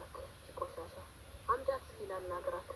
አላት የቆሻሻ አምዳት ሲል አናግራት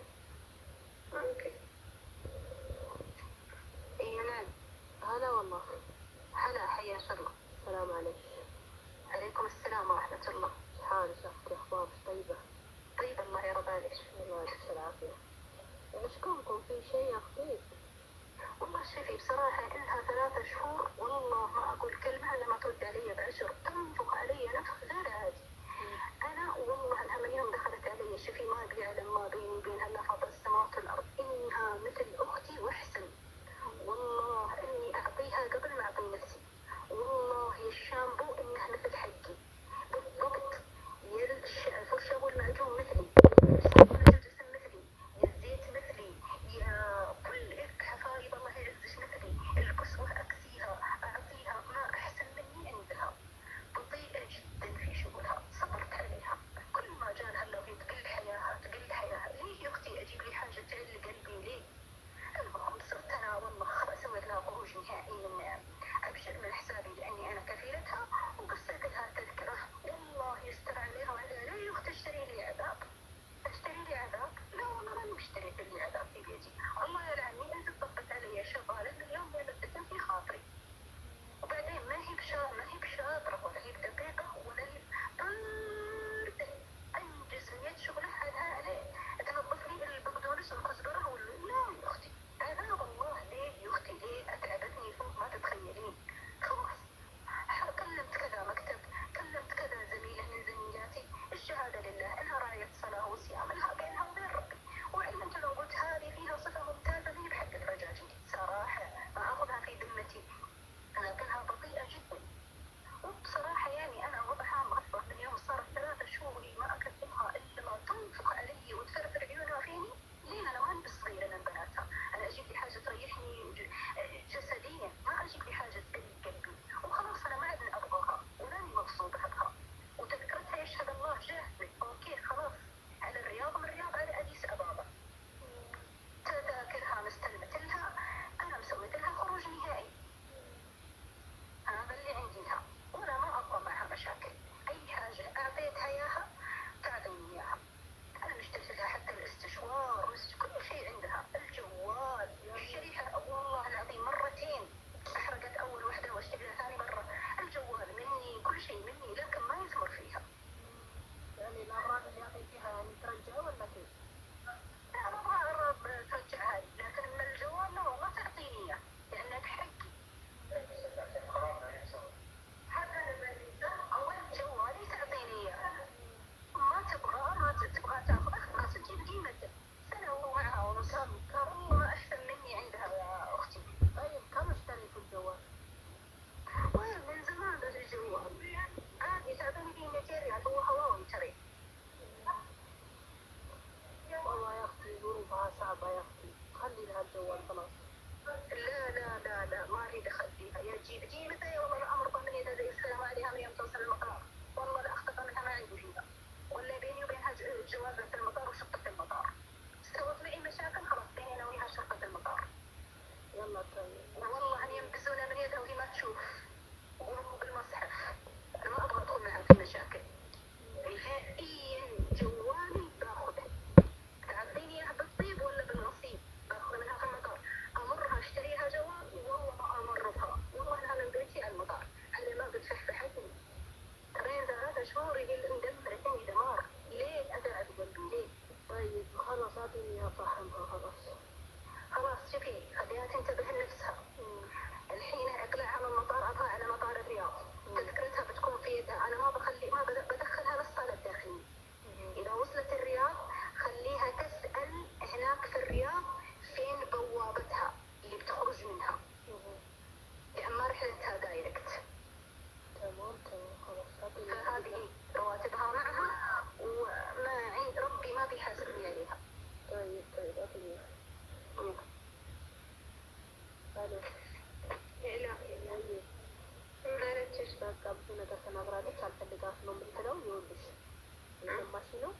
ግማሽ ነው።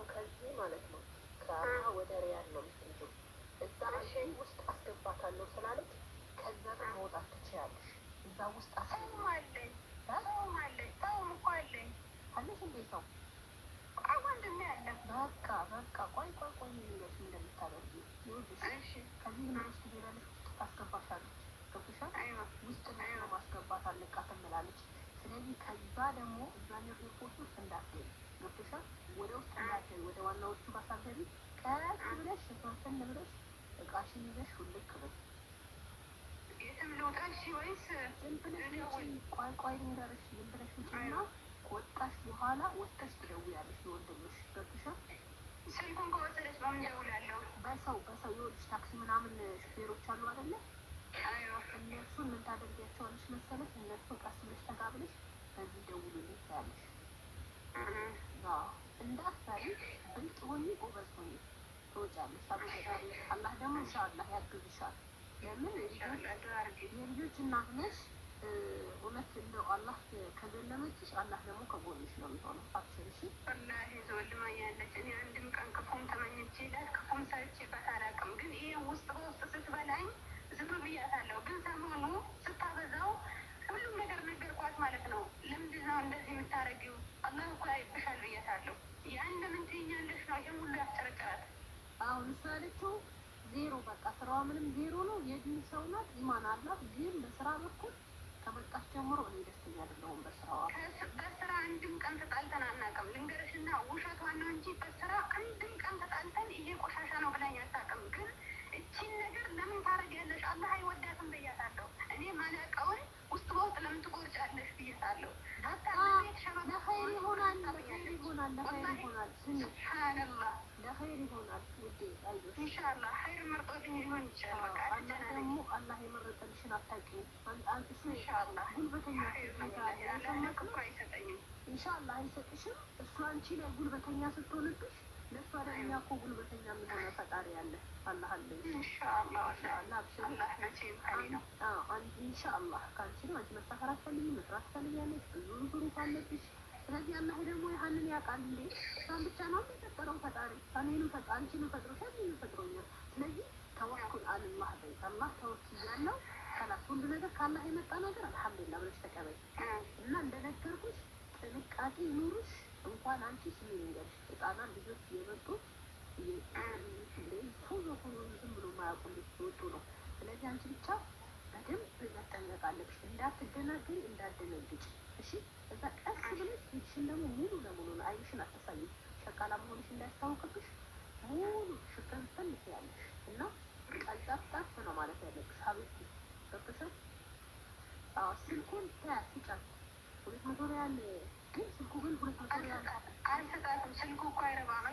አሁን ከዚህ ማለት ነው ከአና ወደ ሪያድ ነው የምትሄጂው። እዛ ማሽን ውስጥ አስገባታለሁ ስላለች ከዛ ጋር መውጣት ትችያለሽ። እዛ ውስጥ አስገባታለሁ ሰው በቃ በቃ ቆይ ቆይ ቆይ እንደምታደርጊ ከዚህ ታስገባታለች። ገብቶሻል? ውስጥ ነው ማስገባት ትምላለች። ስለዚህ ከዛ ደግሞ እዛኛው ኤርፖርት ውስጥ እንዳትሄድ ገብቶሻል? ወደ ውስጥ ባታገቢ ቀስ ብለሽ ሽፋፍን ብለሽ እቃሽን ይዘሽ ሁልክ ብለሽ ቆይ ቆይ ልንገርሽ ብለሽ ውጪና ከወጣሽ በኋላ ወጥተሽ ትደውያለሽ። የወንድምሽ ገብቶሻል። ስልኩን ከወሰደች በምን እደውላለሁ? በሰው በሰው የወልሽ ታክሲ ምናምን ሹፌሮች አሉ አይደለ? እነሱን ምን ታደርጊያቸዋለሽ መሰለሽ? እነሱ ቀስ ብለሽ ተጋብለሽ በዚህ ደውሉልኝ ትያለሽ። እንደ አፍታሪ ብልጥ ሆኜ ጎበዝ ሆኜ ትወጫለሽ። አላህ ደግሞ ኢንሻአላህ ያግዝሻል። ለምን የልጆች እናት ነሽ። እውነት እንደው አላህ ከገለመችሽ አላህ ደግሞ ከጎንሽ ነው የሚሆነው። አትሽርሽ ወላሂ ዘወልማ ያለች እኔ አንድም ቀን ክፉም ተመኝቼ ይላል ክፉም ሰርቼበት አላውቅም። ግን ይሄ ውስጥ በውስጥ ስትበላኝ ዝም ብያታለሁ። ግን ሰሞኑ ስታበዛው ሁሉም ነገር ነገርኳት ማለት ነው። ለምንድን ነው እንደዚህ የምታረጊው? አላህ እኮ አይብሻል ብያታለሁ። አሁን እሷ ዜሮ በቃ ስራዋ ምንም ዜሮ ነው። የድን ሰው ናት፣ ኢማን አላት። ግን በስራ በኩል ከመጣች ጀምሮ እኔ ደስተኛ አይደለሁም በስራዋ። በስራ አንድም ቀን ተጣልተን አናውቅም። ልንገርሽና ውሸቷ ነው እንጂ በስራ ይሆናል፣ ለኸይር ይሆናል። ስሚ ለኸይር ይሆናል ውዴ። ኢንሻአላህ ኸይር መርጦልኝ ሊሆን ይችላል። ደግሞ አላህ የመረጠልሽን አታውቂም። አንቺ ጉልበተኛ አይሰጠኝም። ኢንሻአላህ አይሰጥሽም። እሱ አንቺ ላይ ጉልበተኛ ስትሆንብሽ ለእሷ ደግሞ እኮ ጉልበተኛ የሚሆነ ፈጣሪ ያለ አላህ አለ። ኢንሻአላህ ከአንቺ ነው አንቺ መሳፈር አትፈልጊም፣ መስራት ትፈልጊያለሽ። ብዙ ዙሩፍ አለብሽ ስለዚህ አላህ ደግሞ ያንን ያውቃል። እንዴ እሷን ብቻ ነው የሚፈጠረው ፈጣሪ እኔንም ፈጣሪ አንቺንም ፈጥሮሻል፣ እኔንም ፈጥሮኛል። ስለዚህ ተወኩል አልላህ በይ አላህ ያለው ከላስ ሁሉ ነገር ካላህ የመጣ ነገር አልሐምዱላ ብለሽ ተቀበይ እና እንደነገርኩሽ ጥንቃቄ ይኑሩሽ። እንኳን አንቺ ስሜ ንገርሽ ህጻናን ልጆች እየመጡ ቶሎ ሆኖ ዝም ብሎ ማያውቁ ወጡ ነው። ስለዚህ አንቺ ብቻ በደንብ መጠንቀቅ አለብሽ፣ እንዳትደናገሪ፣ እንዳትደነግጭ እሺ እዛ ቀስ ብለሽ ይችን ደግሞ ሙሉ ለሙሉ ነው አይንሽን አታሳይ፣ ሸቃላ መሆንሽ እንዳያስታውቅብሽ ሙሉ ሽፍን ፈልስ ያለሽ እና ቀልጣፍ ነው ማለት ያለብሽ። ሀቤት ገብተሽ ስልኩን ስጫት ሁለት መቶ ሪያል ግን ስልኩ ግን ሁለት መቶ ሪያል ስልኩ እኮ አይረባም።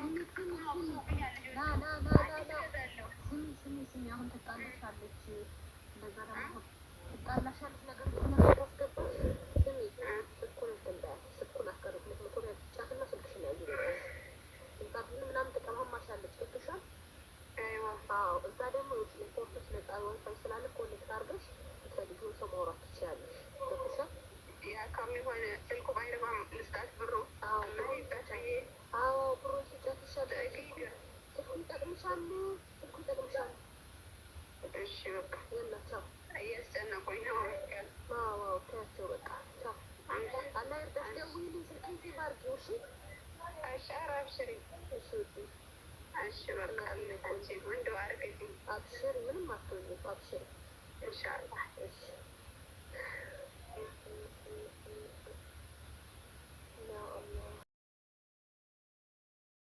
ስሚ ስሚ ስሚ፣ አሁን ትጣላሻለች። እንደዛ ደግሞ ትጣላሻለች ነገር አብሽሪ እሺ በቃ አንቺ እንደው አብሽሪ ምንም አትሆኝም። አብሽሪ ኢንሻላህ።